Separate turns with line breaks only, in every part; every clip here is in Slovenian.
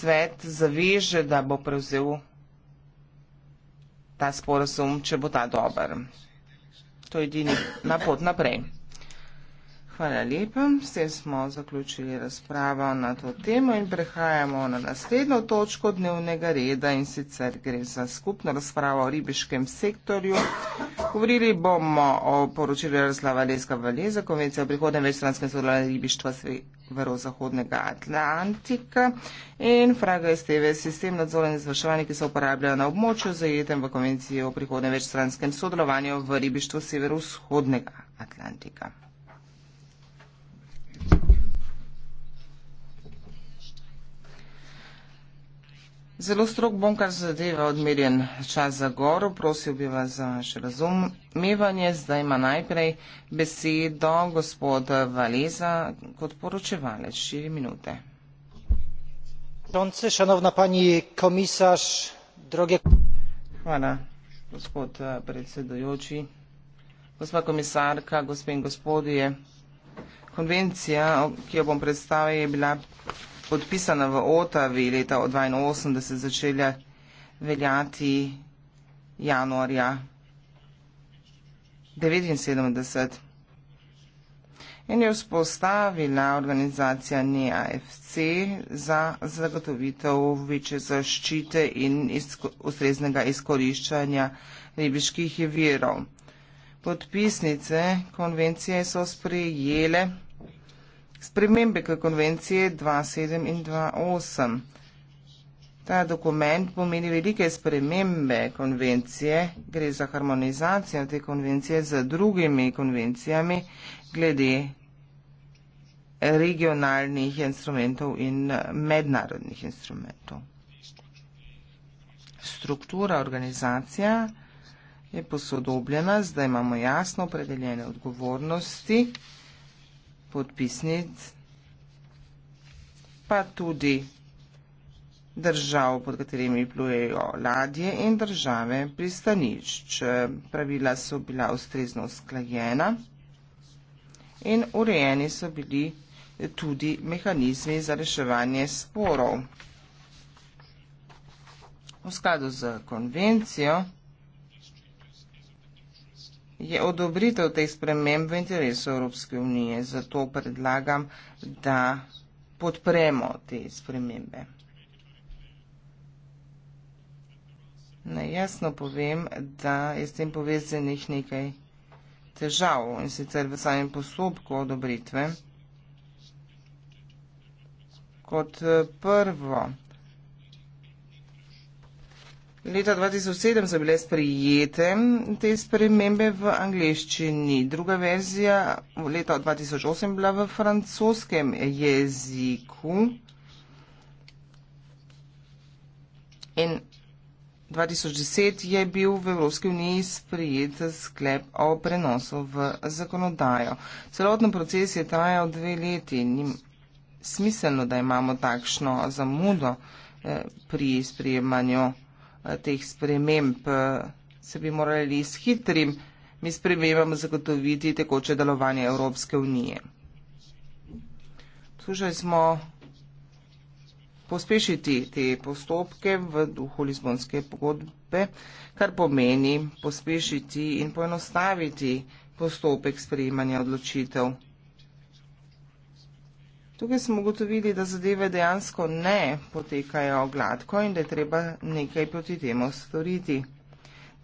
svet zaveže, da bo prevzel ta sporozum, če bo ta dober. To je edini napot naprej. Hvala lepa. S tem smo zaključili razpravo na to temo in prehajamo na naslednjo točko dnevnega reda in sicer gre za skupno razpravo o ribiškem sektorju. Govorili bomo o poročilu Jaroslava Leska Valeza, konvencija o prihodnem večstranskem sodelovanju ribištva severozahodnega Atlantika in Fraga STV, sistem nadzora in izvrševanja, ki se uporablja na območju zajetem v konvenciji o prihodnem večstranskem sodelovanju v ribištvu severozahodnega Atlantika. Zelo strok bom, kar zadeva odmerjen čas za goro. Prosil bi vas za vaše razumevanje. Zdaj ima najprej besedo gospod Valeza kot poročevalec. Štiri minute. Šanovna pani komisar, droge... Hvala, gospod eh, predsedujoči. Gospa komisarka, gospe in gospodje, konvencija, ki jo bom predstavil, je bila podpisana v Otavi leta 1982, začela veljati januarja 1979. In je vzpostavila organizacija NEAFC za zagotovitev večje zaščite in ustreznega izkoriščanja ribiških virov. Podpisnice konvencije so sprejele spremembe k konvencije 2.7 in 2.8. Ta dokument pomeni velike spremembe konvencije, gre za harmonizacijo te konvencije z drugimi konvencijami glede regionalnih instrumentov in eh, mednarodnih instrumentov. Struktura organizacija je posodobljena, zdaj imamo jasno opredeljene odgovornosti podpisnic, pa tudi držav, pod katerimi plujejo ladje in države pristanišč. Pravila so bila ustrezno usklajena in urejeni so bili tudi mehanizmi za reševanje sporov. V skladu z konvencijo, je odobritev tej sprememb v interesu Evropske unije. Zato predlagam, da podpremo te spremembe. Naj jasno povem, da je s tem povezanih nekaj težav in sicer v samem postopku odobritve. Kot eh, prvo, Leta 2007 so bile sprijete te spremembe v angleščini. Druga verzija leta 2008 bila v francoskem jeziku. In 2010 je bil v Evropski uniji sprijet sklep o prenosu v zakonodajo. Celoten proces je trajal dve leti in ni smiselno, da imamo takšno zamudo eh, pri sprijemanju. Eh, teh sprememb. Eh, se bi morali s hitrim mi spremembam zagotoviti tekoče delovanje Evropske unije. Slušali smo pospešiti te postopke v duhu Lizbonske pogodbe, kar pomeni pospešiti in poenostaviti postopek sprejemanja odločitev. Tukaj smo ugotovili, da zadeve dejansko ne potekajo gladko in da je treba nekaj proti temu storiti.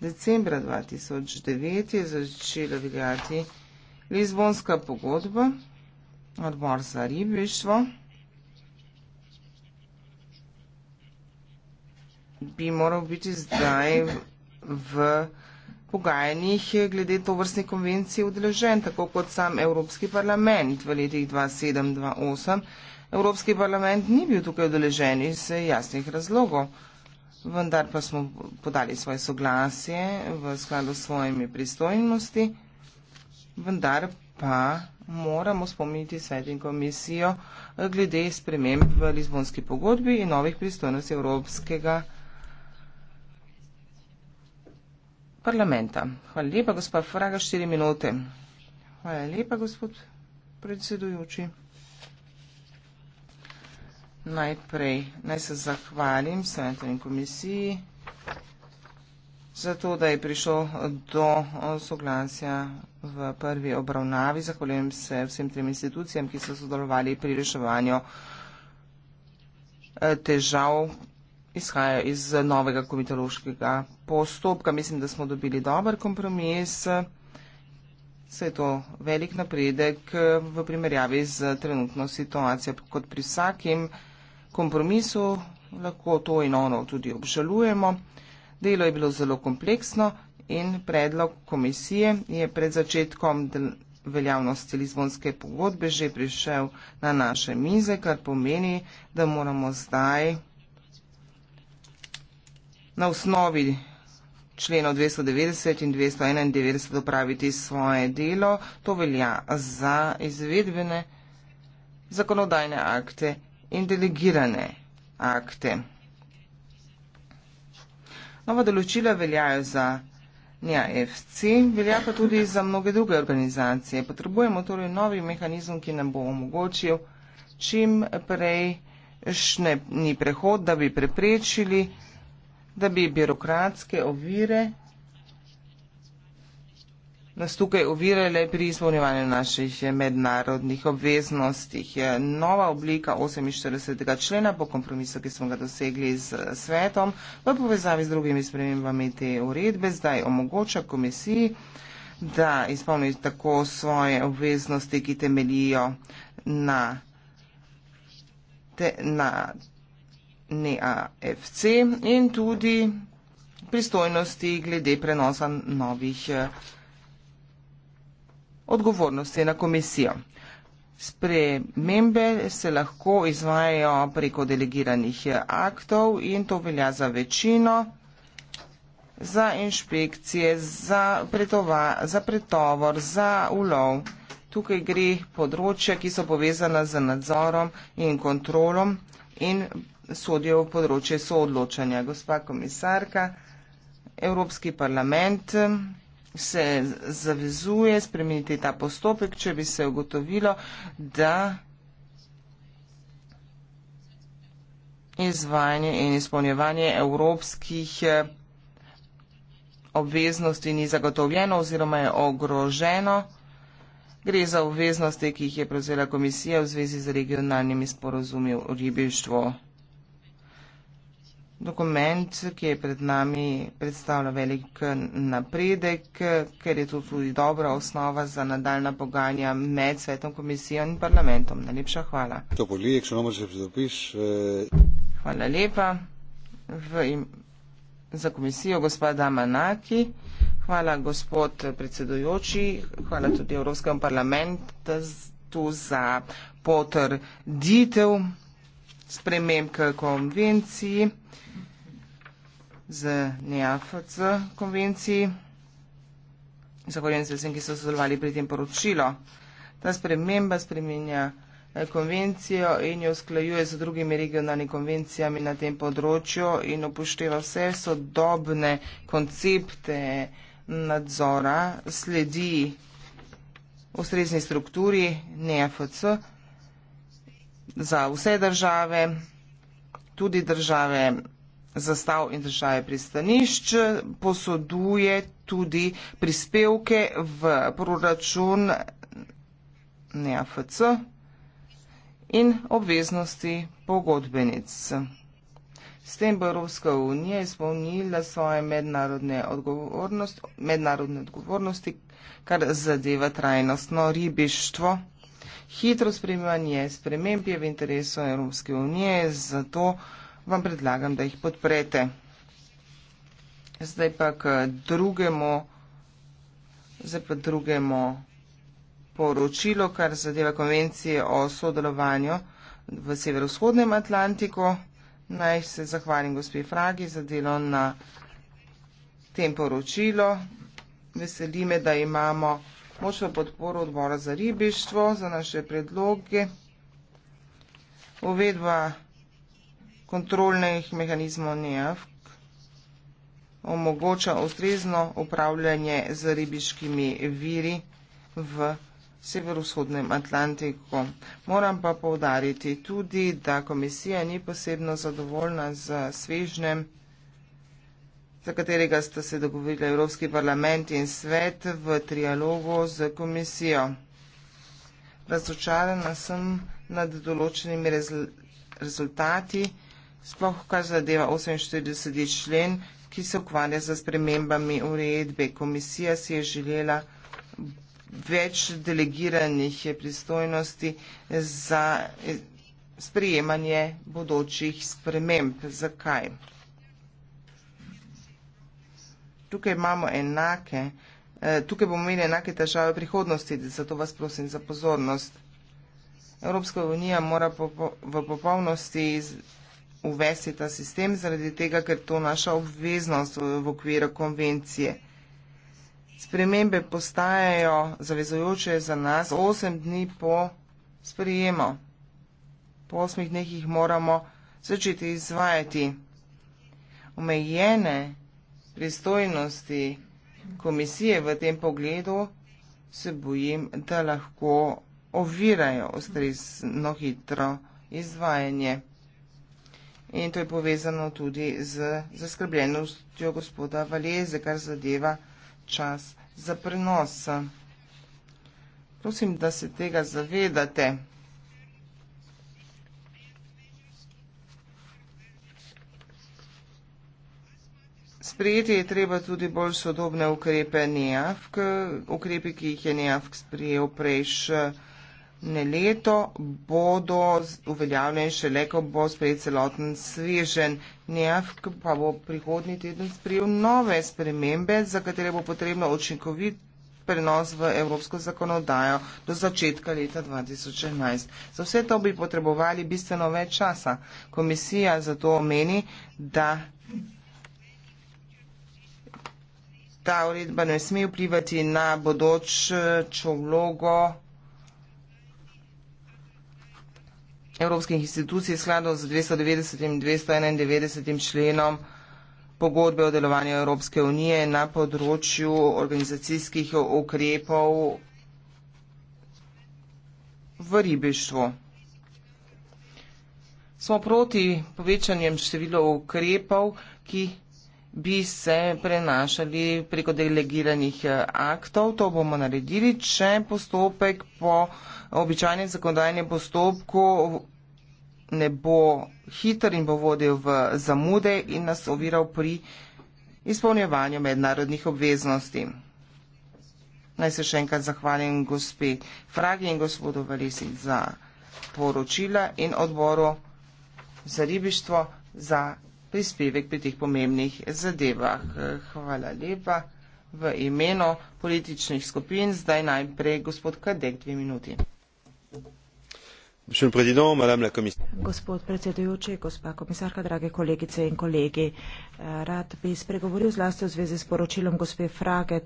Decembra 2009 je začela veljati Lizbonska pogodba, odbor za ribištvo. Bi moral biti zdaj v. v pogajanjih glede to vrstne konvencije udeležen, tako kot sam Evropski parlament v letih 2007-2008. Evropski parlament ni bil tukaj udeležen iz jasnih razlogov, vendar pa smo podali svoje soglasje v skladu s svojimi pristojnosti, vendar pa moramo spomniti svet in komisijo glede sprememb v Lizbonski pogodbi in novih pristojnosti Evropskega parlamenta. parlamenta. Hvala lepa, gospod Fraga, štiri minute. Hvala lepa, gospod predsedujoči. Najprej naj se zahvalim senatorni komisiji za to, da je prišlo do eh, soglasja v prvi obravnavi. Zahvaljujem se vsem trem institucijam, ki so sodelovali pri reševanju eh, težav izhajajo iz novega komitološkega postopka. Mislim, da smo dobili dober kompromis. Se je to velik napredek v primerjavi z trenutno situacijo, kot pri vsakem kompromisu lahko to in ono tudi obžalujemo. Delo je bilo zelo kompleksno in predlog komisije je pred začetkom veljavnosti Lizbonske pogodbe že prišel na naše mize, kar pomeni, da moramo zdaj na osnovi členov 290 in 291 opraviti svoje delo. To velja za izvedbene zakonodajne akte in delegirane akte. Nova določila veljajo za nja FC, velja pa tudi za mnoge druge organizacije. Potrebujemo torej novi mehanizem, ki nam bo omogočil čim prejšnji prehod, da bi preprečili da bi birokratske ovire nas tukaj ovirale pri izpolnjevanju naših mednarodnih obveznostih. Nova oblika 48. člena po kompromisu, ki smo ga dosegli z svetom, v povezavi z drugimi spremembami te uredbe zdaj omogoča komisiji, da izpolni tako svoje obveznosti, ki temelijo na, te, na NAFC in tudi pristojnosti glede prenosa novih eh, odgovornosti na komisijo. Spremembe se lahko izvajajo preko delegiranih eh, aktov in to velja za večino za inšpekcije, za, pretova, za pretovor, za ulov. Tukaj gre področje, ki so povezane z nadzorom in kontrolom in sodijo v področje soodločanja. Gospa komisarka, Evropski parlament eh, se zavezuje spremeniti ta postopek, če bi se ugotovilo, da izvajanje in izpolnjevanje evropskih eh, obveznosti ni zagotovljeno oziroma je ogroženo. Gre za obveznosti, ki jih je prevzela komisija v zvezi z regionalnimi sporozumi v ribištvu. Dokument, ki je pred nami, predstavlja velik napredek, ker je to tudi dobra osnova za nadaljna pogajanja med svetom komisijo in parlamentom. Najlepša hvala. Polijek, zapiš, eh... Hvala lepa v, im, za komisijo, gospoda Manaki. Hvala, gospod predsedujoči. Hvala tudi Evropskem parlamentu za potrditev sprememb k konvenciji, z NEAFC konvenciji. Zahvaljujem se vsem, ki so sodelovali pri tem poročilo. Ta sprememba spremenja eh, konvencijo in jo usklajuje z drugimi regionalnimi konvencijami na tem področju in upošteva vse sodobne koncepte nadzora, sledi ustrezni strukturi NEAFC za vse države, tudi države zastav in države pristanišč, posoduje tudi prispevke v proračun NEAFC in obveznosti pogodbenic. S tem bo Evropska unija izpolnila svoje mednarodne odgovornosti, mednarodne odgovornosti kar zadeva trajnostno ribištvo hitro spremljanje sprememb je v interesu Evropske unije, zato vam predlagam, da jih podprete. Zdaj pa k drugemu, zdaj pa drugemu poročilu, kar zadeva konvencije o sodelovanju v severovzhodnem Atlantiku. Naj se zahvalim gospe Fragi za delo na tem poročilu. Veseli me, da imamo močno podporo odbora za ribištvo, za naše predloge, uvedba kontrolnih mehanizmov NEAF, omogoča ustrezno upravljanje z ribiškimi viri v severovzhodnem Atlantiku. Moram pa povdariti tudi, da komisija ni posebno zadovoljna z svežnem za katerega sta se dogovorila Evropski parlament in svet v trialogu z komisijo. Razočarana sem nad določenimi rez rezultati, sploh kar zadeva 48. člen, ki se ukvarja za spremembami uredbe. Komisija si je želela več delegiranih pristojnosti za eh, sprejemanje bodočih sprememb. Zakaj? tukaj imamo enake, eh, tukaj bomo imeli enake težave v prihodnosti, zato vas prosim za pozornost. Evropska unija mora v popolnosti uvesti ta sistem zaradi tega, ker to naša obveznost v okviru konvencije. Spremembe postajajo zavezojoče za nas 8 dni po sprijemo. Po 8 dneh jih moramo začeti izvajati. Omejene pristojnosti komisije v tem pogledu, se bojim, da lahko ovirajo ustrezno hitro izvajanje. In to je povezano tudi z zaskrbljenostjo gospoda Valjeze, kar zadeva čas za prenos. Prosim, da se tega zavedate. sprejeti je treba tudi bolj sodobne ukrepe NEAFK, ukrepe, ki jih je NEAFK sprejel prejšnje leto, bodo uveljavljeni šele, ko bo sprejet celoten svežen NEAFK, pa bo prihodnji teden sprejel nove spremembe, za katere bo potrebno očinkovit prenos v evropsko zakonodajo do začetka leta 2011. Za vse to bi potrebovali bistveno več časa. Komisija zato meni, da ta uredba ne sme vplivati na bodočo vlogo evropskih institucij skladov z 290 in 291 členom pogodbe o delovanju Evropske unije na področju organizacijskih ukrepov v ribištvu. Smo proti povečanjem število ukrepov, ki bi se prenašali preko delegiranih eh, aktov. To bomo naredili, če postopek po običajnem zakonodajnem postopku ne bo hiter in bo vodil v zamude in nas oviral pri izpolnjevanju mednarodnih obveznosti. Naj se še enkrat zahvalim gospe Fragi in gospodu Valisi za poročila in odboru za ribištvo za prispevek pri teh pomembnih zadevah. Hvala lepa v imenu političnih skupin. Zdaj najprej gospod Kadek, dve minuti.
Gospod predsedujoči, gospa komisarka, drage kolegice in kolegi, rad bi spregovoril zlasti v zvezi s poročilom gospe Frage.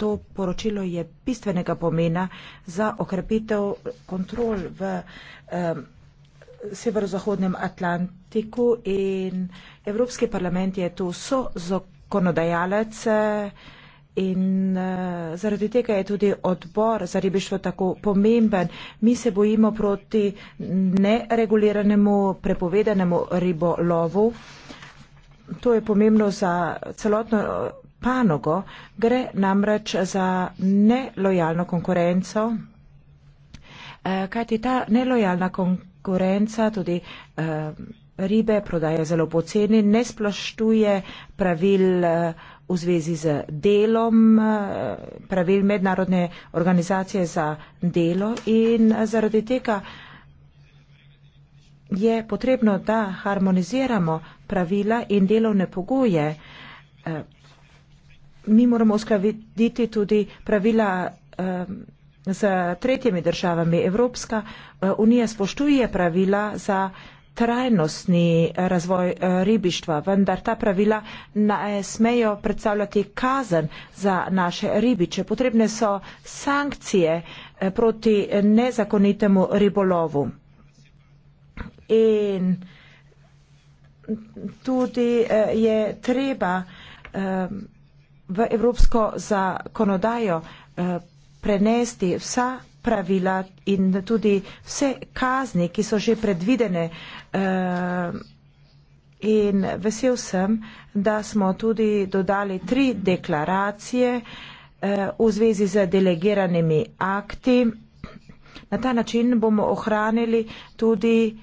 To poročilo je bistvenega pomena za okrepitev kontrol v. Um, severozahodnem Atlantiku in Evropski parlament je tu so zakonodajalec eh, in eh, zaradi tega je tudi odbor za ribištvo tako pomemben. Mi se bojimo proti nereguliranemu, prepovedanemu ribolovu. To je pomembno za celotno eh, panogo. Gre namreč za nelojalno konkurenco. Kajti ta nelojalna konkurenca konkurenca, tudi uh, ribe prodaja zelo poceni, ne sploštuje pravil uh, v zvezi z delom, uh, pravil mednarodne organizacije za delo in uh, zaradi tega je potrebno, da harmoniziramo pravila in delovne pogoje. Uh, mi moramo uskladiti tudi pravila. Uh, z tretjimi državami. Evropska eh, unija spoštuje pravila za trajnostni eh, razvoj eh, ribištva, vendar ta pravila ne smejo predstavljati kazen za naše ribiče. Potrebne so sankcije proti nezakonitemu ribolovu. In tudi je treba v evropsko zakonodajo prenesti vsa pravila in tudi vse kazni, ki so že predvidene. Eh, in vesel sem, da smo tudi dodali tri deklaracije eh, v zvezi z delegiranimi akti. Na ta način bomo ohranili tudi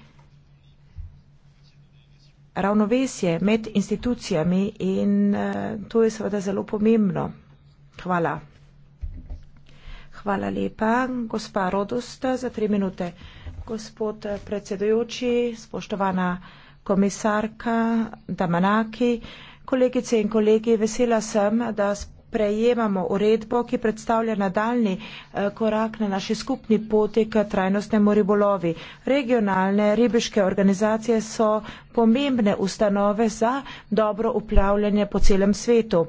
ravnovesje med institucijami in eh, to je seveda zelo pomembno. Hvala. Hvala lepa. Gospa Rodost, za tri minute. Gospod predsedujoči, spoštovana komisarka Damanaki, kolegice in kolegi, vesela sem, da prejemamo uredbo, ki predstavlja nadaljni eh, korak na naši skupni poti k trajnostnemu ribolovi. Regionalne ribiške organizacije so pomembne ustanove za dobro upravljanje po celem svetu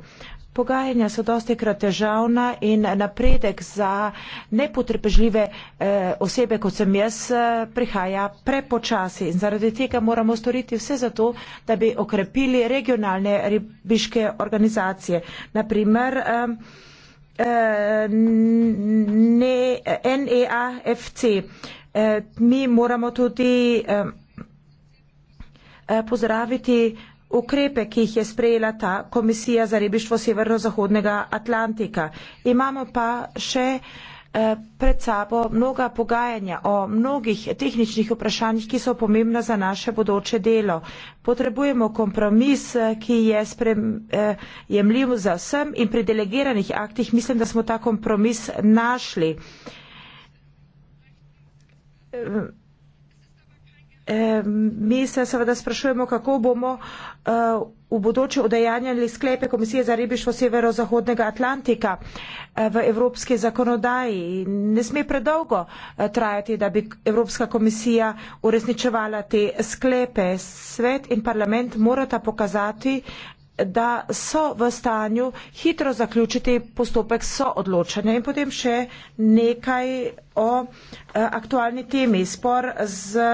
pogajanja so dosti krat težavna in napredek za nepotrpežljive eh, osebe, kot sem jaz, eh, prihaja prepočasi. In zaradi tega moramo storiti vse za to, da bi okrepili regionalne ribiške organizacije. Naprimer, eh, NEAFC. E mi moramo tudi pozdraviti ukrepe, ki jih je sprejela ta komisija za ribištvo severno-zahodnega Atlantika. Imamo pa še eh, pred sabo mnoga pogajanja o mnogih tehničnih vprašanjih, ki so pomembna za naše bodoče delo. Potrebujemo kompromis, eh, ki je sprejemljiv eh, za vsem in pri delegiranih aktih mislim, da smo ta kompromis našli mi se seveda sprašujemo, kako bomo eh, v bodoče udejanjali sklepe Komisije za ribištvo severozahodnega Atlantika eh, v evropski zakonodaji. Ne sme predolgo eh, trajati, da bi Evropska komisija uresničevala te sklepe. Svet in parlament morata pokazati, da so v stanju hitro zaključiti postopek soodločanja in potem še nekaj o aktualni temi. Spor z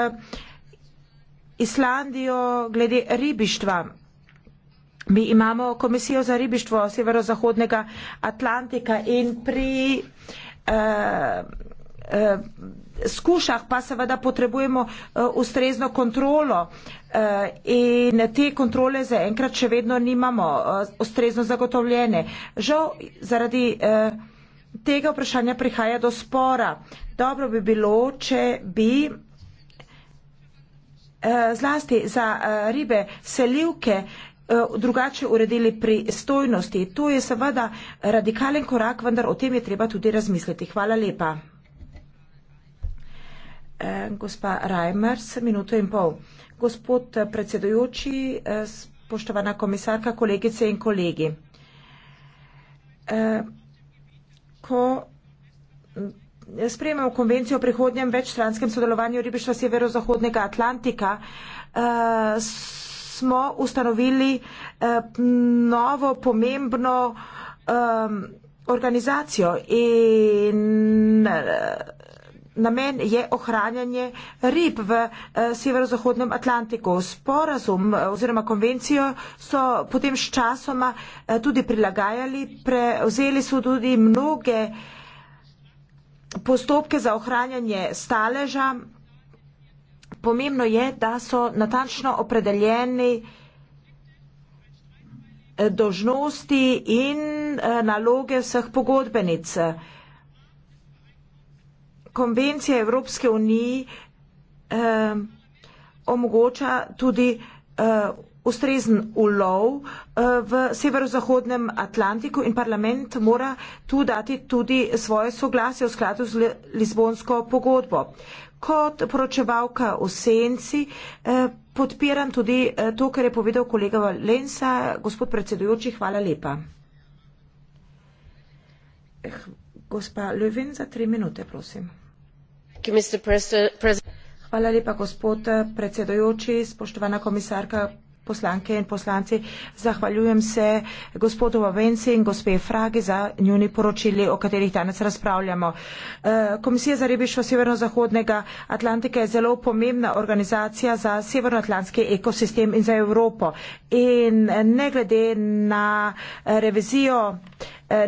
Islandijo glede ribištva. Mi imamo komisijo za ribištvo severozahodnega Atlantika in pri uh, uh, skušah pa seveda potrebujemo uh, ustrezno kontrolo uh, in te kontrole zaenkrat še vedno nimamo uh, ustrezno zagotovljene. Žal zaradi uh, tega vprašanja prihaja do spora. Dobro bi bilo, če bi. Eh, zlasti za eh, ribe selivke eh, drugače uredili pri stojnosti. To je seveda radikalen korak, vendar o tem je treba tudi razmisliti. Hvala lepa. Gospa Reimers, minuto in pol. Gospod predsedujoči, spoštovana komisarka, kolegice in kolegi. Ko sprejemamo konvencijo o prihodnjem večstranskem sodelovanju ribištva severozahodnega Atlantika, eh, smo ustanovili eh, novo pomembno eh, organizacijo in namen je ohranjanje rib v severozahodnem Atlantiku. Sporazum oziroma konvencijo so potem s časoma tudi prilagajali, prevzeli so tudi mnoge postopke za ohranjanje staleža. Pomembno je, da so natančno opredeljeni eh, dožnosti in eh, naloge vseh pogodbenic. Konvencija Evropske unije eh, omogoča tudi eh, ustrezen ulov eh, v severozahodnem Atlantiku in parlament mora tu dati tudi svoje soglasje v skladu z Lizbonsko pogodbo. Kot poročevalka v senci eh, podpiram tudi eh, to, kar je povedal kolega Valensa. Gospod predsedujoči, hvala lepa. Gospa Ljuvin, za tri minute, prosim. Hvala lepa, gospod predsedujoči, spoštovana komisarka, poslanke in poslanci. Zahvaljujem se gospodu Vavenci in gospe Fragi za njuni poročili, o katerih danes razpravljamo. Eh, Komisija za ribištvo severno-zahodnega Atlantika je zelo pomembna organizacija za severnoatlantski ekosistem in za Evropo. In eh, ne glede na eh, revizijo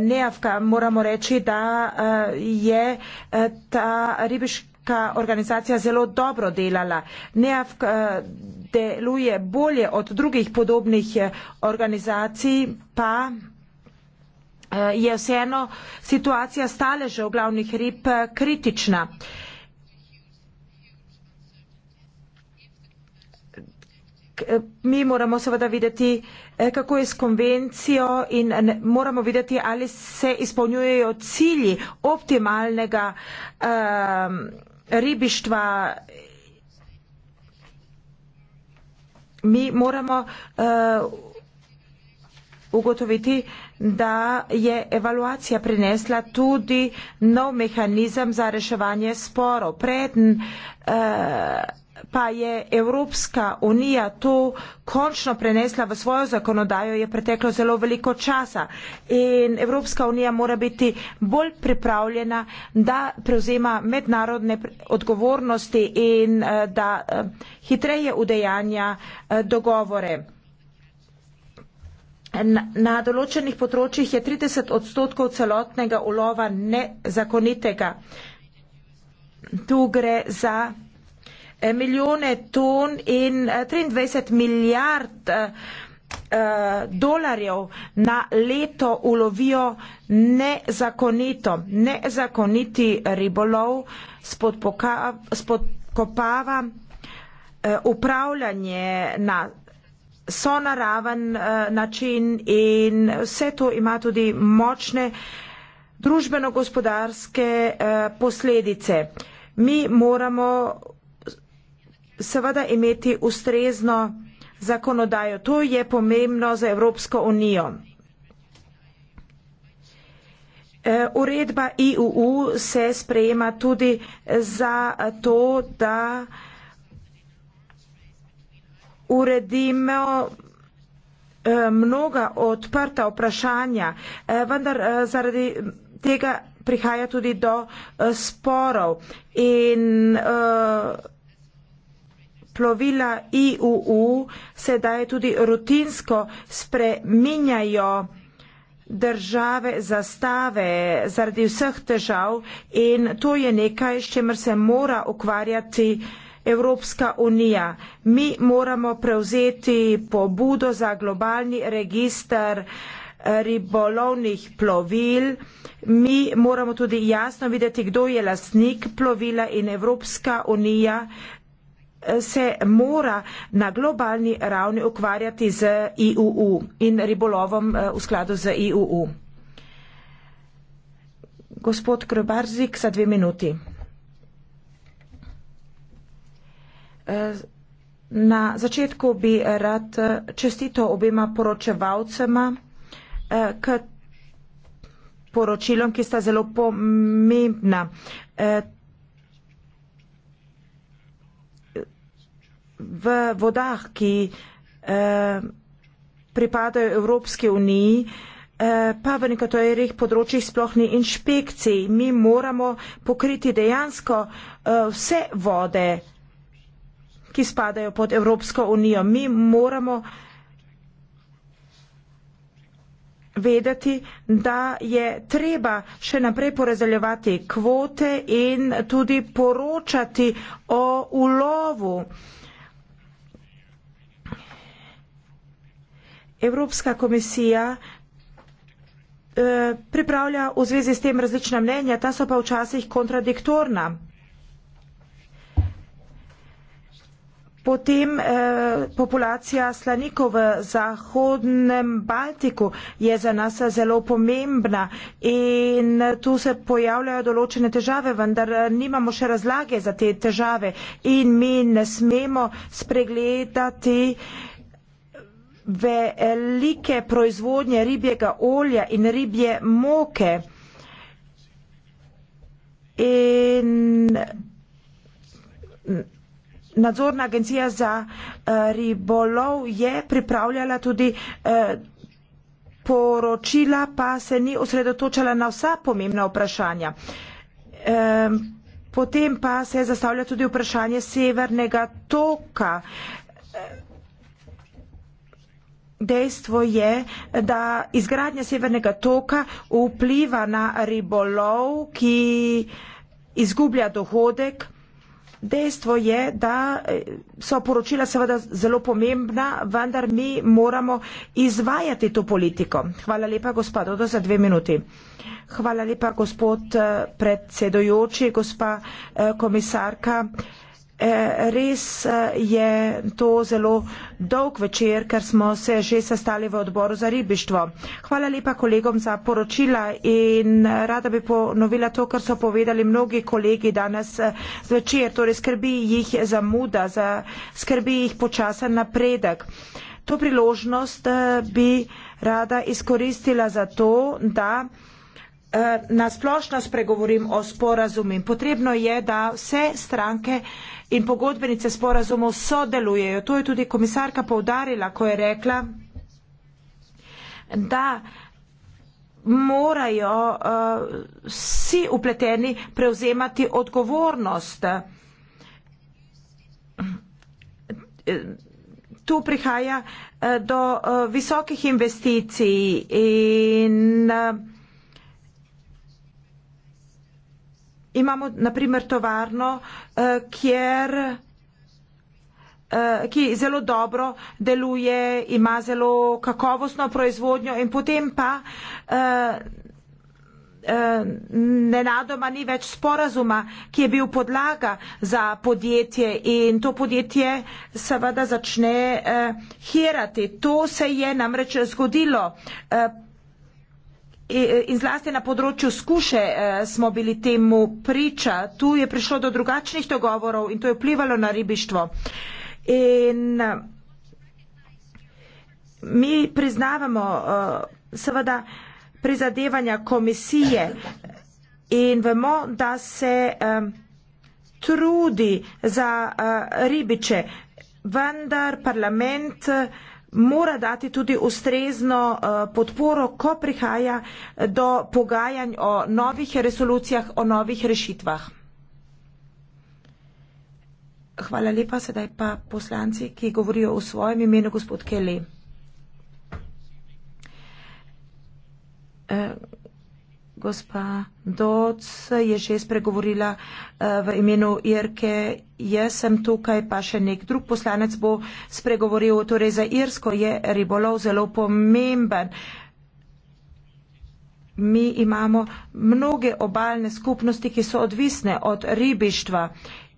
Neafka, moramo reči, da je ta ribiška ta organizacija zelo dobro delala. NEAFK eh, deluje bolje od drugih podobnih eh, organizacij, pa eh, je vseeno situacija staležev glavnih rib kritična. Mi moramo seveda videti, kako je s konvencijo in moramo videti, ali se izpolnjujejo cilji optimalnega um, ribištva. Mi moramo uh, ugotoviti, da je evaluacija prinesla tudi nov mehanizem za reševanje sporov. Preden uh, pa je Evropska unija to končno prenesla v svojo zakonodajo, je preteklo zelo veliko časa in Evropska unija mora biti bolj pripravljena, da prevzema mednarodne odgovornosti in eh, da eh, hitreje udejanja eh, dogovore. Na določenih področjih je 30 odstotkov celotnega ulova nezakonitega. Tu gre za milijone ton in 23 eh, milijard eh, eh, dolarjev na leto ulovijo nezakonito. Nezakoniti ribolov spodkopava upravljanje na sonaraven način in vse to ima tudi močne družbeno-gospodarske posledice. Mi moramo seveda imeti ustrezno zakonodajo. To je pomembno za Evropsko unijo. E, uredba IUU se sprejema tudi za to, da uredimo e, mnoga odprta vprašanja, e, vendar zaradi tega prihaja tudi do sporov in plovila IUU sedaj tudi rutinsko spreminjajo države zastave zaradi vseh težav in to je nekaj, s čemer se mora ukvarjati Evropska unija. Mi moramo prevzeti pobudo za globalni registr eh, ribolovnih plovil. Mi moramo tudi jasno videti, kdo je lasnik plovila in Evropska unija se mora na globalni ravni ukvarjati z IUU in ribolovom eh, v skladu z IUU. Gospod Krobarzik, za dve minuti. Eh, na začetku bi rad eh, čestito obema poročevalcema k poročilom, ki sta zelo pomembna. v vodah, ki eh, pripadajo Evropske uniji, eh, pa v nekaterih področjih sploh ni inšpekcij. Mi moramo pokriti dejansko eh, vse vode, ki spadajo pod Evropsko unijo. Mi moramo vedeti, da je treba še naprej porazdeljevati kvote in tudi poročati o ulovu. Uh, Evropska komisija eh, pripravlja v zvezi s tem različna mnenja, ta so pa včasih kontradiktorna. Potem eh, populacija slanikov v Zahodnem Baltiku je za nas zelo pomembna in tu se pojavljajo določene težave, vendar nimamo še razlage za te težave in mi ne smemo spregledati eh, velike proizvodnje ribjega olja in ribje moke. In nadzorna agencija za eh, ribolov je pripravljala tudi eh, poročila, pa se ni osredotočala na vsa pomembna vprašanja. Potem pa se je zastavlja tudi vprašanje severnega toka. Dejstvo je, da izgradnja severnega toka vpliva na ribolov, ki izgublja dohodek. Dejstvo je, da e, so poročila seveda zelo pomembna, vendar mi moramo izvajati to politiko. Hvala lepa, gospod, odo za dve minuti. Hvala lepa, gospod e, predsedojoči, gospa e, komisarka. E, res e, je to zelo dolg večer, ker smo se že sestali v odboru za ribištvo. Hvala lepa kolegom za poročila in rada bi ponovila to, kar so povedali mnogi kolegi danes e, zvečer. Torej skrbi jih za muda, za skrbi jih počasen napredek. To priložnost bi rada izkoristila za to, da na splošno spregovorim o sporazumih. Potrebno je, da vse stranke in pogodbenice sporazumov sodelujejo. To je tudi komisarka povdarila, ko je rekla, da morajo eh, vsi upleteni prevzemati odgovornost. Tu prihaja eh, do eh, visokih investicij in imamo na primer tovarno, eh, kjer eh, ki zelo dobro deluje, ima zelo kakovostno proizvodnjo in potem pa eh, nenadoma ni več sporazuma, ki je bil podlaga za podjetje in to podjetje seveda začne hirati. To se je namreč zgodilo E, e, in zlasti na področju skuše e, smo bili temu priča. Tu je prišlo do drugačnih dogovorov in to je vplivalo na ribištvo. In mi priznavamo seveda prizadevanja komisije in vemo, da se trudi za ribiče, vendar parlament mora dati tudi ustrezno eh, podporo, ko prihaja eh, do pogajanj o novih resolucijah, o novih rešitvah. Hvala lepa, sedaj pa poslanci, ki govorijo o svojem imenu, gospod Kele. Eh, gospa Doc je že spregovorila eh, v imenu Irke. Jaz sem tukaj, pa še nek drug poslanec bo spregovoril. Torej, za Irsko je ribolov zelo pomemben mi imamo mnoge obaljne skupnosti, ki so odvisne od ribištva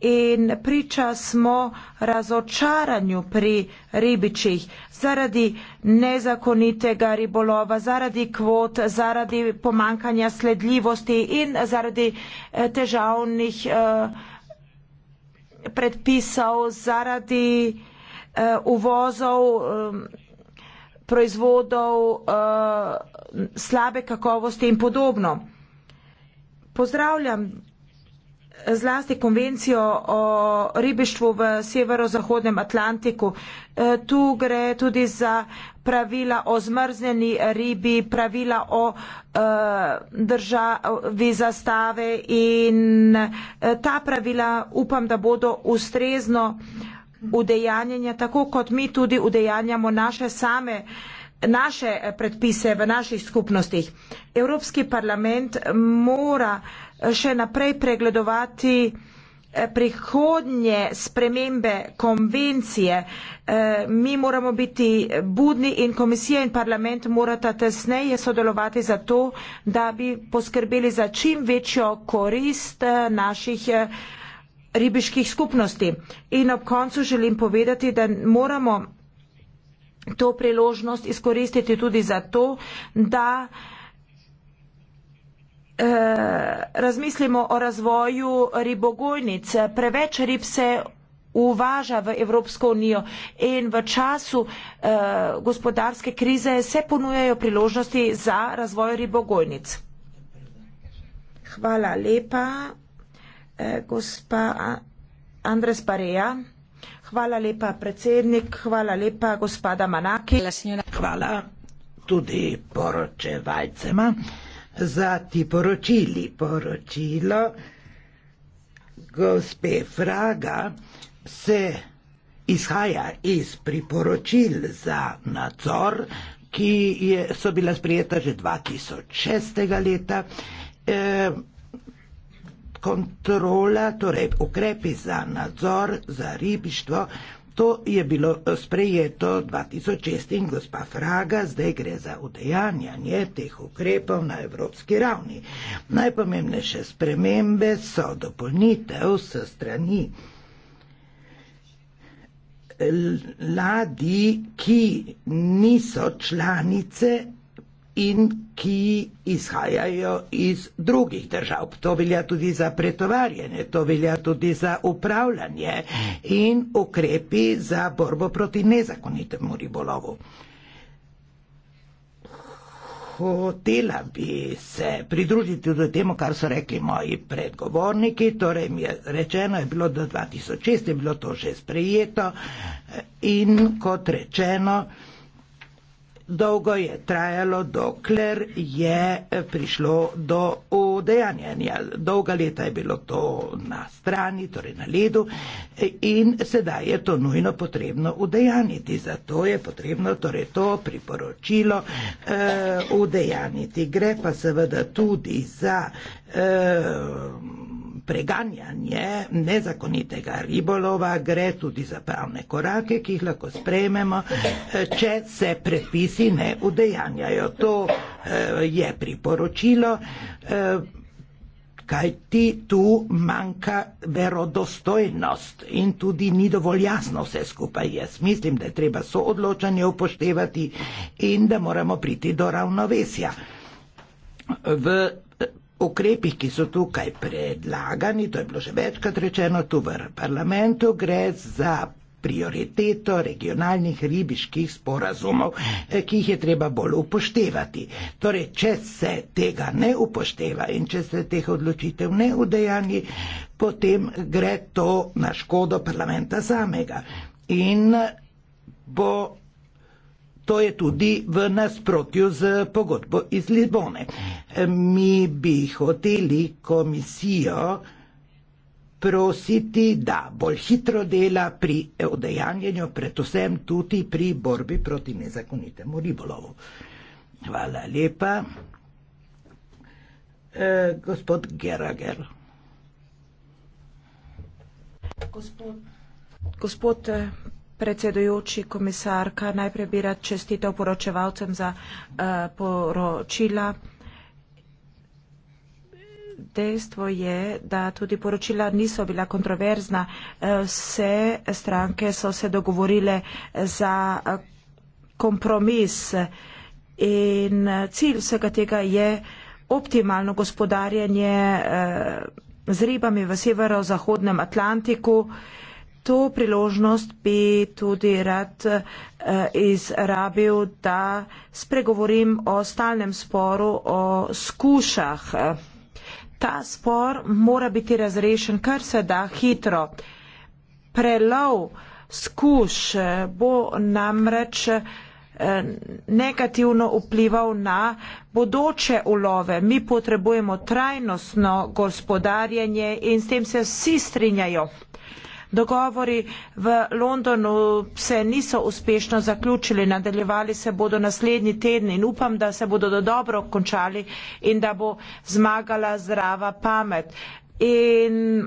in priča smo razočaranju pri ribičih zaradi nezakonitega ribolova, zaradi kvot, zaradi pomankanja sledljivosti in zaradi eh, težavnih eh, predpisov, zaradi eh, uvozov proizvodov uh, slabe kakovosti in podobno. Pozdravljam zlasti konvencijo o ribištvu v severozahodnem Atlantiku. E, tu gre tudi za pravila o zmrzneni ribi, pravila o e, državi zastave in e, ta pravila upam, da bodo ustrezno udejanjenja, tako kot mi tudi udejanjamo naše same uh, naše eh, predpise v naših skupnostih. Evropski parlament mora eh, še naprej pregledovati eh, prihodnje spremembe konvencije. Mi moramo biti budni in komisija in parlament morata tesneje sodelovati za to, da bi poskrbeli za čim večjo korist naših ribiških skupnosti. In ob koncu želim povedati, da moramo to priložnost izkoristiti tudi za to, da eh, razmislimo o razvoju ribogojnic. Preveč rib se uvaža v Evropsko unijo in v času eh, gospodarske krize se ponujajo priložnosti za razvoj ribogojnic. Hvala lepa, eh, gospa Andres Pareja. Hvala lepa, predsednik, hvala lepa, gospoda Manaki. Hvala
tudi poročevalcema za ti poročili. Poročilo gospe Fraga se izhaja iz priporočil za nadzor, ki je, so bila sprijeta že 2006. leta. E, kontrola, torej ukrepi za nadzor za ribištvo. To je bilo eh, sprejeto 2006 in gospa Fraga, zdaj gre za udejanjanje teh ukrepov na evropski ravni. Najpomembnejše spremembe so dopolnitev s strani eh, ladi, ki niso članice in ki izhajajo iz drugih držav. To velja tudi za pretovarjanje, to velja tudi za upravljanje in ukrepi za borbo proti nezakonitemu ribolovu. Hotela bi se pridružiti tudi temu, kar so rekli moji predgovorniki, torej mi je rečeno, je bilo do 2006, je bilo to že sprejeto in kot rečeno, dolgo je trajalo, dokler je eh, prišlo do udejanjanja. Dolga leta je bilo to na strani, torej na ledu in sedaj je to nujno potrebno udejaniti. Zato je potrebno torej to priporočilo uh, udejaniti. Gre pa seveda tudi za uh, preganjanje nezakonitega ribolova gre tudi za pravne korake, ki jih lahko sprejmemo, eh, če se predpisi ne udejanjajo. To eh, je priporočilo, eh, kaj ti tu manjka verodostojnost in tudi ni dovolj jasno vse skupaj. Jaz mislim, da je treba soodločanje upoštevati in da moramo priti do ravnovesja. V ukrepih, ki so tukaj predlagani, to je bilo že večkrat rečeno tu v parlamentu, gre za prioriteto regionalnih ribiških sporazumov, eh, ki jih je treba bolj upoštevati. Torej, če se tega ne upošteva in če se teh odločitev ne udejani, potem gre to na škodo parlamenta samega in bo To je tudi v nasprotju z pogodbo iz Lizbone. Mi bi hoteli komisijo prositi, da bolj hitro dela pri odejanjenju, predvsem tudi pri borbi proti nezakonitemu ribolovu. Hvala lepa.
E, gospod Gerager. Gospod, gospod e, predsedujoči komisarka, najprej bi rad čestitev poročevalcem za uh, poročila. Dejstvo je, da tudi poročila niso bila kontroverzna. Eh, vse stranke so se dogovorile eh, za kompromis in cilj vsega tega je optimalno gospodarjenje z ribami v severo-zahodnem Atlantiku to priložnost bi tudi rad eh, izrabil, da spregovorim o stalnem sporu, o skušah. Ta spor mora biti razrešen kar se da hitro. Prelov skuš eh, bo namreč eh, negativno vplival na bodoče ulove. Mi potrebujemo trajnostno gospodarjenje in s tem se vsi strinjajo. Dogovori v Londonu se niso uspešno zaključili, nadaljevali se bodo naslednji tedni in upam, da se bodo do dobro končali in da bo zmagala zdrava pamet. In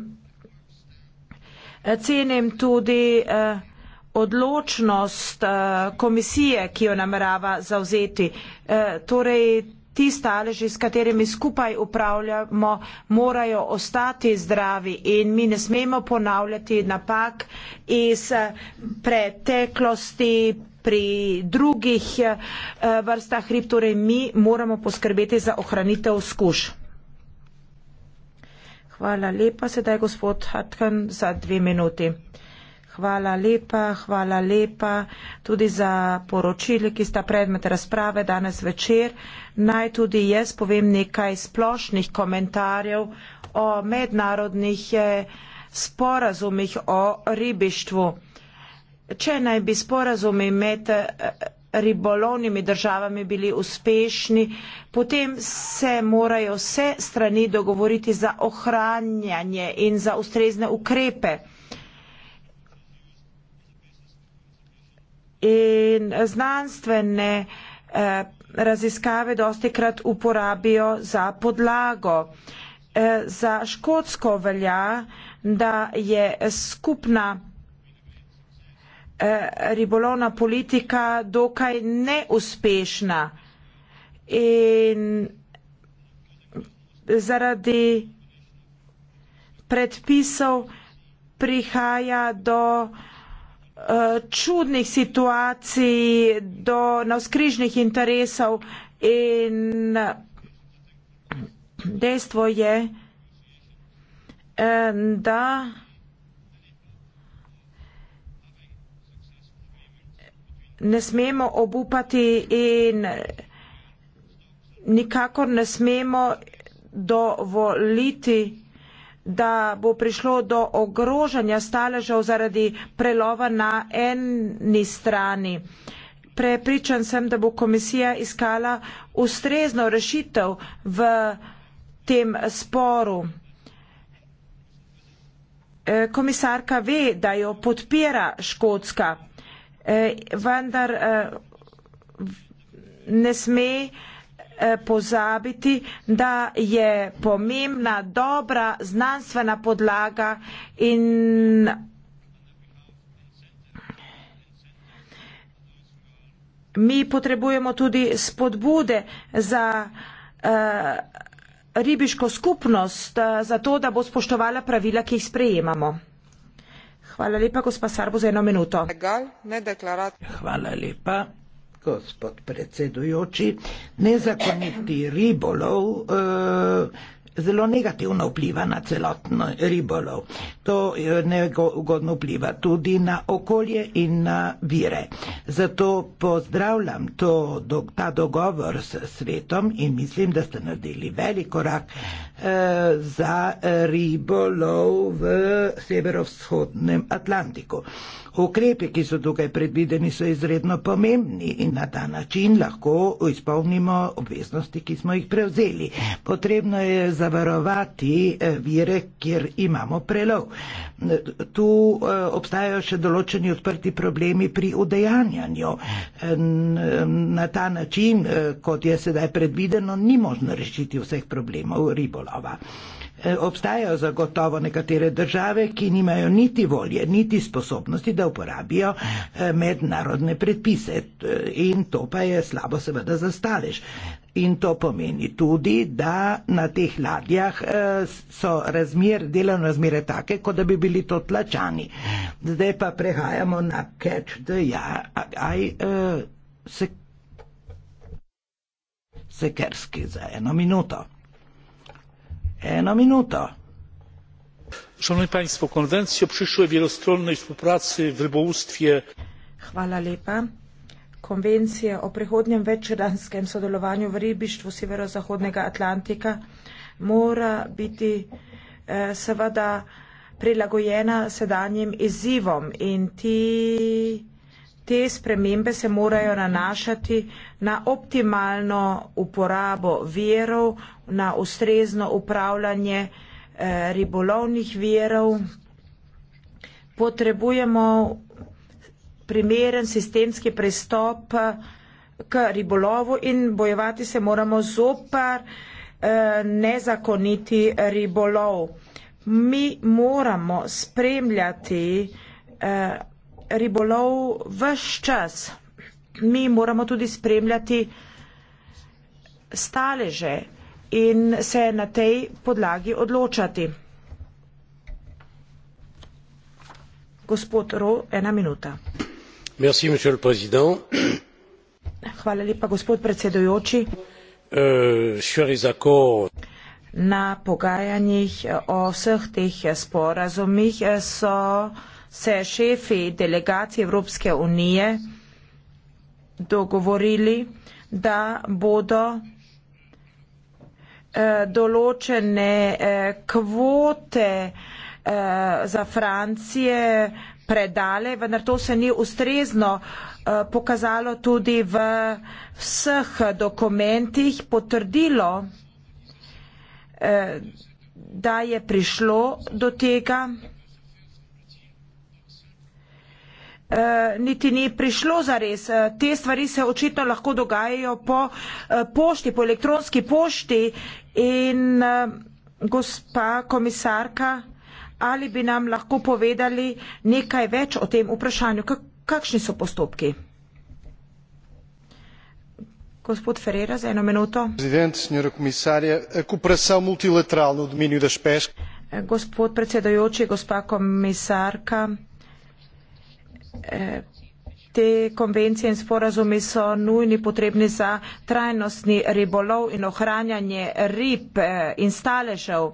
eh, cenim tudi eh, odločnost eh, komisije, ki jo namerava zauzeti. Torej, ti staleži, s katerimi skupaj upravljamo, morajo ostati zdravi in mi ne smemo ponavljati napak iz preteklosti pri drugih eh, vrstah rib, torej mi moramo poskrbeti za ohranitev skuš. Hvala lepa, sedaj gospod Hatkan, za dve minuti. Hvala lepa, hvala lepa tudi za poročili, ki sta predmet razprave danes večer. Naj tudi jaz povem nekaj splošnih komentarjev o mednarodnih eh, sporazumih o ribištvu. Če naj bi sporazumi med eh, ribolovnimi državami bili uspešni, potem se morajo vse strani dogovoriti za ohranjanje in za ustrezne ukrepe. in znanstvene eh, raziskave dosti krat uporabijo za podlago. Eh, za škotsko velja, da je skupna eh, ribolovna politika dokaj neuspešna in zaradi predpisov prihaja do Eh, čudnih situacij do navskrižnih interesov in dejstvo je, eh, da ne smemo obupati in nikakor ne smemo dovoliti, da bo prišlo do ogrožanja staležev zaradi prelova na eni strani. Prepričan sem, da bo komisija iskala ustrezno rešitev v tem sporu. E, komisarka ve, da jo podpira Škotska, e, vendar e, ne sme Eh, pozabiti, da je pomembna dobra znanstvena podlaga in mi potrebujemo tudi spodbude za eh, ribiško skupnost, eh, za to, da bo spoštovala pravila, ki jih sprejemamo. Hvala lepa, gospa Sarbo, za eno minuto. Hvala lepa
gospod predsedujoči, nezakoniti ribolov, uh, zelo negativno vpliva na celotno ribolov. To eh, neugodno vpliva tudi na okolje in na vire. Zato pozdravljam to, ta dogovor s svetom in mislim, da ste naredili velik korak eh, za ribolov v severovzhodnem Atlantiku. Ukrepe, ki so tukaj predvideni, so izredno pomembni in na ta način lahko izpolnimo obveznosti, ki smo jih prevzeli. Potrebno je z zavarovati eh, vire, kjer imamo prelov. Tu eh, obstajajo še določeni odprti problemi pri udejanjanju. Eh, na ta način, kot je sedaj predvideno, ni možno rešiti vseh problemov ribolova. Obstajajo zagotovo nekatere države, ki nimajo niti volje, niti sposobnosti, da uporabijo mednarodne predpise. In to pa je slabo seveda za stalež. In to pomeni tudi, da na teh ladjah eh, so razmer, delovne razmere take, kot da bi bili to tlačani. Zdaj pa prehajamo na catch the eye, aj eh, se, sekerski za eno minuto. Eno minuto. Szanowni Państwo, konwencja o przyszłej
wielostronnej współpracy w rybołówstwie. Hvala lepa konvencije o prihodnjem večeranskem sodelovanju v ribištvu severozahodnega Atlantika mora biti eh, seveda prilagojena sedanjim izzivom in ti, te spremembe se morajo nanašati na optimalno uporabo verov, na ustrezno upravljanje eh, ribolovnih verov. Potrebujemo primeren sistemski pristop eh, k ribolovu in bojevati se moramo zopar eh, nezakoniti ribolov. Mi moramo spremljati eh, ribolov vse čas. Mi moramo tudi spremljati staleže in se na tej podlagi odločati. Gospod Ro, ena minuta.
Euh,
na pogajanjih eh, o vseh teh eh, sporazumih eh, so se šefi delegacij Evropske unije dogovorili, da bodo določene kvote za Francije predale, vendar to se ni ustrezno eh, pokazalo tudi v vseh dokumentih, potrdilo, eh, da je prišlo do tega. Eh, niti ni prišlo zares. Te stvari se očitno lahko dogajajo po pošti, po elektronski pošti in gospa komisarka ali bi nam lahko povedali nekaj več o tem vprašanju, kakšni so postopki? Gospod Ferreira, za eno minuto. Prezident, senjora komisarja, kooperacija multilateralna no v domeniju da špeška. Gospod predsedojoči, gospa komisarka, eh, te konvencije in sporazumi so nujni potrebni za trajnostni ribolov in ohranjanje rib eh, in staležev.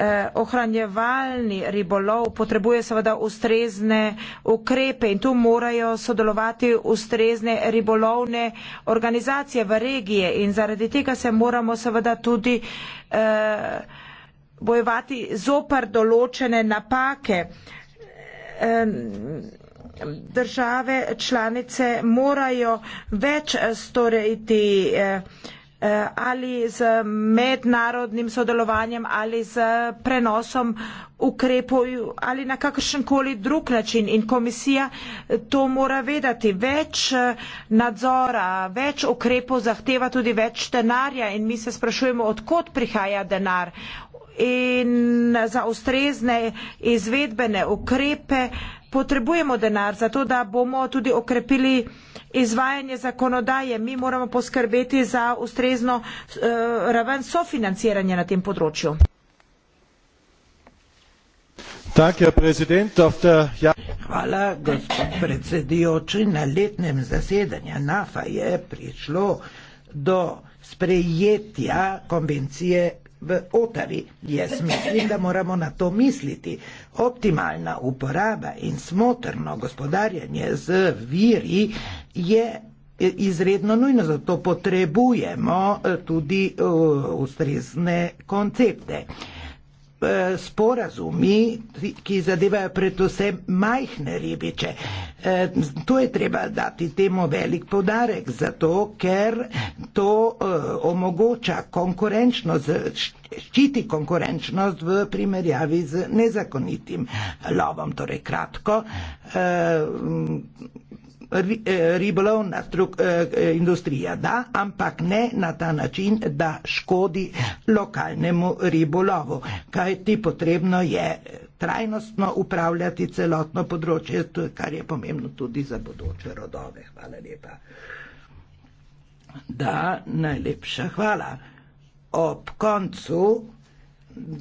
Eh, ohranjevalni ribolov potrebuje seveda ustrezne ukrepe in tu morajo sodelovati ustrezne ribolovne organizacije v regiji in zaradi tega se moramo seveda tudi eh, bojevati zopr določene napake. Eh, države članice morajo več storiti Eh, ali z mednarodnim sodelovanjem ali z prenosom ukrepov ali na kakršenkoli drug način in komisija eh, to mora vedeti. Več eh, nadzora, več ukrepov zahteva tudi več denarja in mi se sprašujemo, odkot prihaja denar in za ustrezne izvedbene ukrepe potrebujemo denar, zato da bomo tudi okrepili izvajanje zakonodaje, mi moramo poskrbeti za ustrezno eh, raven sofinanciranja na tem področju.
Ja. Hvala, gospod predsedujoči. Na letnem zasedanju NAFA je prišlo do sprejetja konvencije v otavi. Jaz mislim, da moramo na to misliti. Optimalna uporaba in smotrno gospodarjanje z viri je izredno nujno, zato potrebujemo eh, tudi eh, ustrezne koncepte. Eh, sporazumi, ki zadevajo predvsem majhne ribiče. Eh, to je treba dati temu velik podarek, zato ker to eh, omogoča konkurenčnost, ščiti konkurenčnost v primerjavi z nezakonitim lovom. Torej, kratko, Eh, ribolovna struk, eh, eh, industrija, da, ampak ne na ta način, da škodi lokalnemu ribolovu, kaj ti potrebno je trajnostno upravljati celotno področje, kar je pomembno tudi za bodoče rodove. Hvala lepa. Da, najlepša hvala. Ob koncu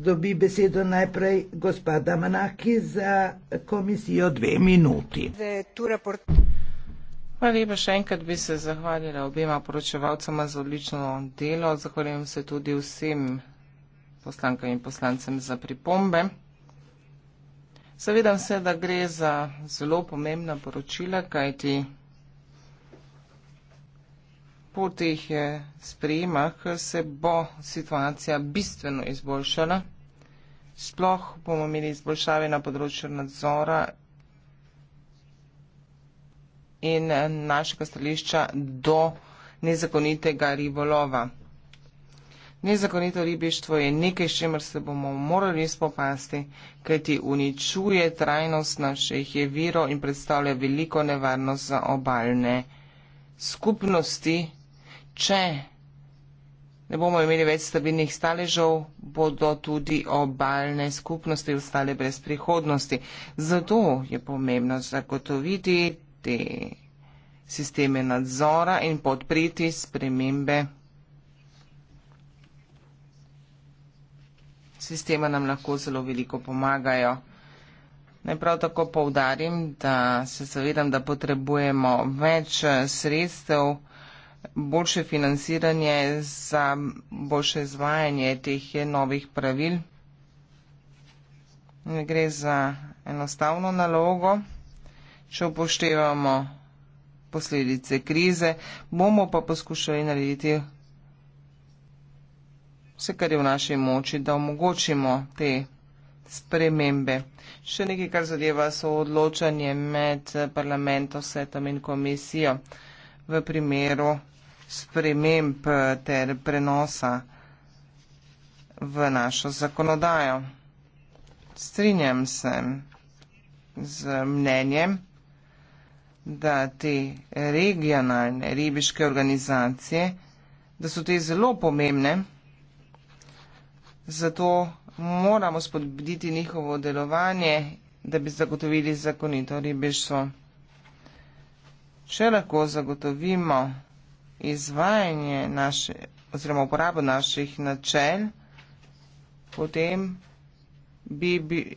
dobi besedo najprej gospod Damanaki za komisijo dve minuti.
Zdaj, torej, Hvala lepa še enkrat bi se zahvalila obema poročevalcama za odlično delo. Zahvaljujem se tudi vsem poslankam in poslancem za pripombe. Zavedam se, da gre za zelo pomembna poročila, kajti po teh eh, sprejemah se bo situacija bistveno izboljšala. Sploh bomo imeli izboljšave na področju nadzora in eh, našega stališča do nezakonitega ribolova. Nezakonito ribištvo je nekaj, s čimer se bomo morali spopasti, kajti uničuje trajnost naših virov in predstavlja veliko nevarnost za obaljne skupnosti. Če ne bomo imeli več stabilnih staležev, bodo tudi obaljne skupnosti ostale brez prihodnosti. Zato je pomembno zagotoviti te sisteme nadzora in podpreti spremembe sistema nam lahko zelo veliko pomagajo. Naj prav tako povdarim, da se zavedam, da potrebujemo več eh, sredstev, boljše financiranje za boljše izvajanje teh eh, novih pravil. Ne gre za enostavno nalogo če upoštevamo posledice krize, bomo pa poskušali narediti vse, kar je v naši moči, da omogočimo te spremembe. Še nekaj, kar zadeva so odločanje med parlamentom, svetom in komisijo v primeru sprememb ter prenosa v našo zakonodajo. Strinjam se z mnenjem, da te regionalne ribiške organizacije, da so te zelo pomembne, zato moramo spodbuditi njihovo delovanje, da bi zagotovili zakonito ribištvo. Še lahko zagotovimo izvajanje naše, oziroma uporabo naših načel, potem bi, bi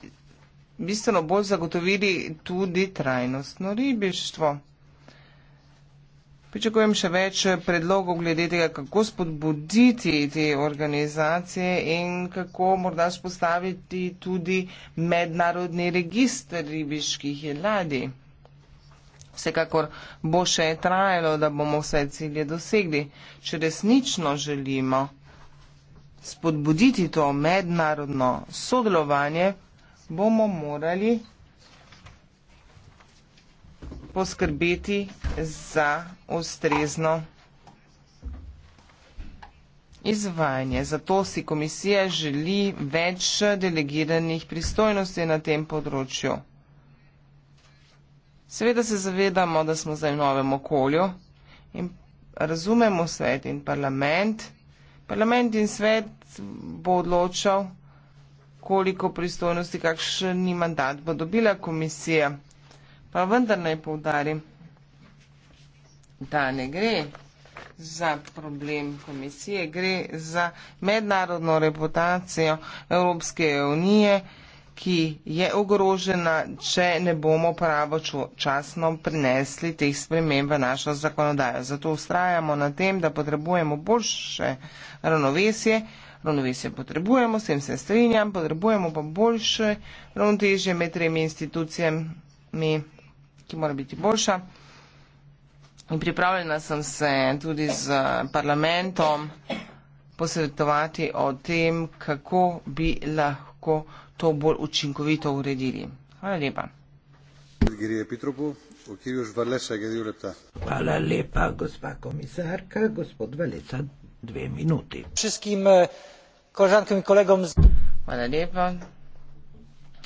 bistveno bolj zagotovili tudi trajnostno ribištvo. Pričakujem še več predlogov glede tega, kako spodbuditi te organizacije in kako morda spostaviti tudi mednarodni registr ribiških ladij. Vsekakor bo še trajalo, da bomo vse cilje dosegli, če resnično želimo spodbuditi to mednarodno sodelovanje bomo morali poskrbeti za ustrezno izvajanje. Zato si komisija želi več delegiranih pristojnosti na tem področju. Seveda se zavedamo, da smo zdaj v novem okolju in razumemo svet in parlament. Parlament in svet bo odločal, da bo odločal, koliko pristojnosti, kakšen mandat bo dobila komisija. Pa vendar naj povdarim, da ne gre za problem komisije, gre za mednarodno reputacijo Evropske unije, ki je ogrožena, če ne bomo pravočasno prinesli teh sprememb v našo zakonodajo. Zato ustrajamo na tem, da potrebujemo boljše ravnovesje, ravnovesje potrebujemo, s tem se strinjam, potrebujemo pa boljše ravnotežje med tremi institucijami, ki mora biti boljša. In pripravljena sem se tudi z parlamentom posvetovati o tem, kako bi lahko to bolj učinkovito uredili. Hvala lepa.
Hvala lepa, gospa
komisarka, gospod Valeca wszystkim e, koleżankom i kolegom z Hvala lepa.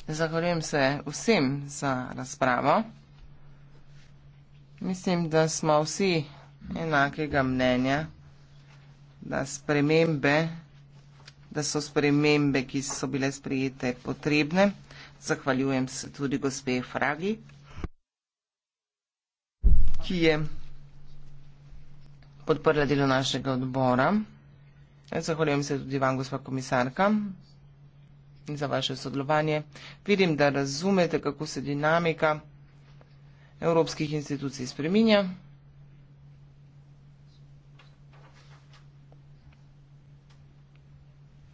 Zahvaljujem se vsem za razpravo. Mislim, da smo vsi enakega mnenja, da, spremembe, da so spremembe, ki so bile sprijete, potrebne. Zahvaljujem se tudi gospe Fragi, ki je podprla delo našega odbora. Zahvaljujem se tudi vam, gospa komisarka, za vaše sodelovanje. Vidim, da razumete, kako se dinamika evropskih institucij spreminja.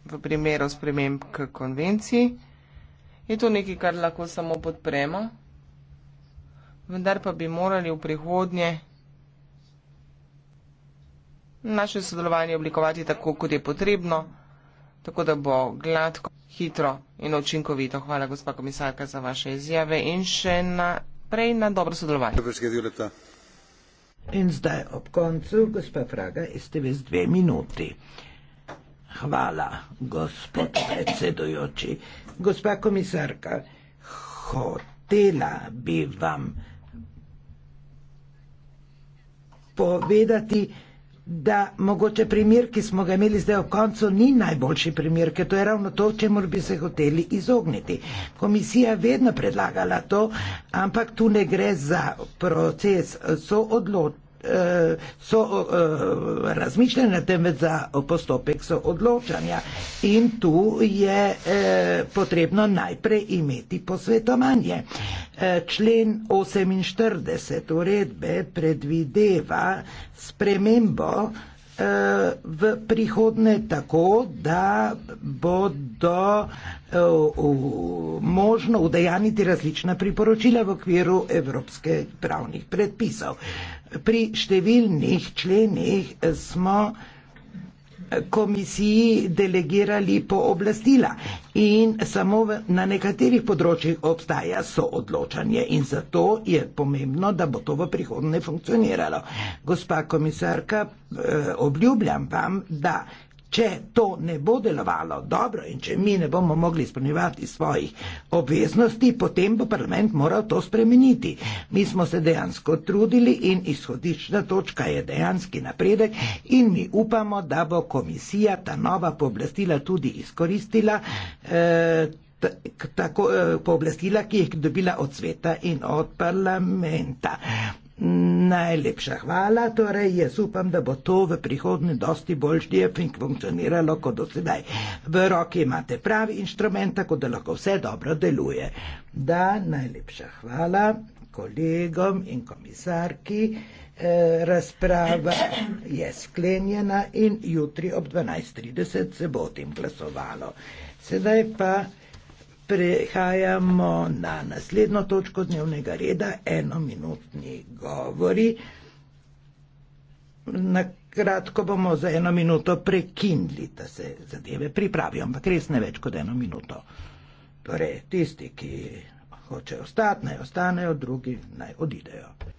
V primeru sprememb k konvenciji je to nekaj, kar lahko samo podpremo, vendar pa bi morali v prihodnje naše sodelovanje oblikovati tako, kot je potrebno, tako da bo gladko, hitro in očinkovito. Hvala, gospa komisarka, za vaše izjave in še naprej na dobro sodelovanje. In zdaj ob
koncu, gospa Fraga, ste vi z dve minuti. Hvala, gospod predsedujoči. Gospa komisarka, hotela bi vam povedati, da mogoče primer, ki smo ga imeli zdaj v koncu, ni najboljši primer, ker to je ravno to, čemu bi se hoteli izogniti. Komisija je vedno predlagala to, ampak tu ne gre za proces soodločitev Eh, so eh, razmišljanja, temveč za postopek so odločanja. In tu je eh, potrebno najprej imeti posvetovanje. Člen 48 uredbe predvideva spremembo v prihodne tako, da bodo eh, možno udejaniti različna priporočila v okviru evropskih pravnih predpisov. Pri številnih členih eh, smo komisiji delegirali pooblastila in samo v, na nekaterih področjih obstaja soodločanje in zato je pomembno, da bo to v prihodnje funkcioniralo. Gospa komisarka, eh, obljubljam vam, da če to ne bo delovalo dobro in če mi ne bomo mogli izpolnjevati svojih obveznosti, potem bo parlament moral to spremeniti. Mi smo se dejansko trudili in izhodična točka je dejanski napredek in mi upamo, da bo komisija ta nova pooblastila tudi izkoristila. Eh, tako eh, pooblastila, ki jih dobila od sveta in od parlamenta. Najlepša hvala, torej jaz upam, da bo to v prihodnje dosti boljšnje funkcioniralo kot do sedaj. V roki imate pravi inštrument, tako da lahko vse dobro deluje. Da, najlepša hvala kolegom in komisarki. Eh, razprava je sklenjena in jutri ob 12.30 se bo o tem glasovalo. Sedaj pa. Prehajamo na naslednjo točko dnevnega reda, enominutni govori. Na kratko bomo za eno minuto prekinili, da se zadeve pripravijo, ampak res ne več kot eno minuto. Torej, tisti, ki hočejo ostati, naj ostanejo, drugi naj odidejo.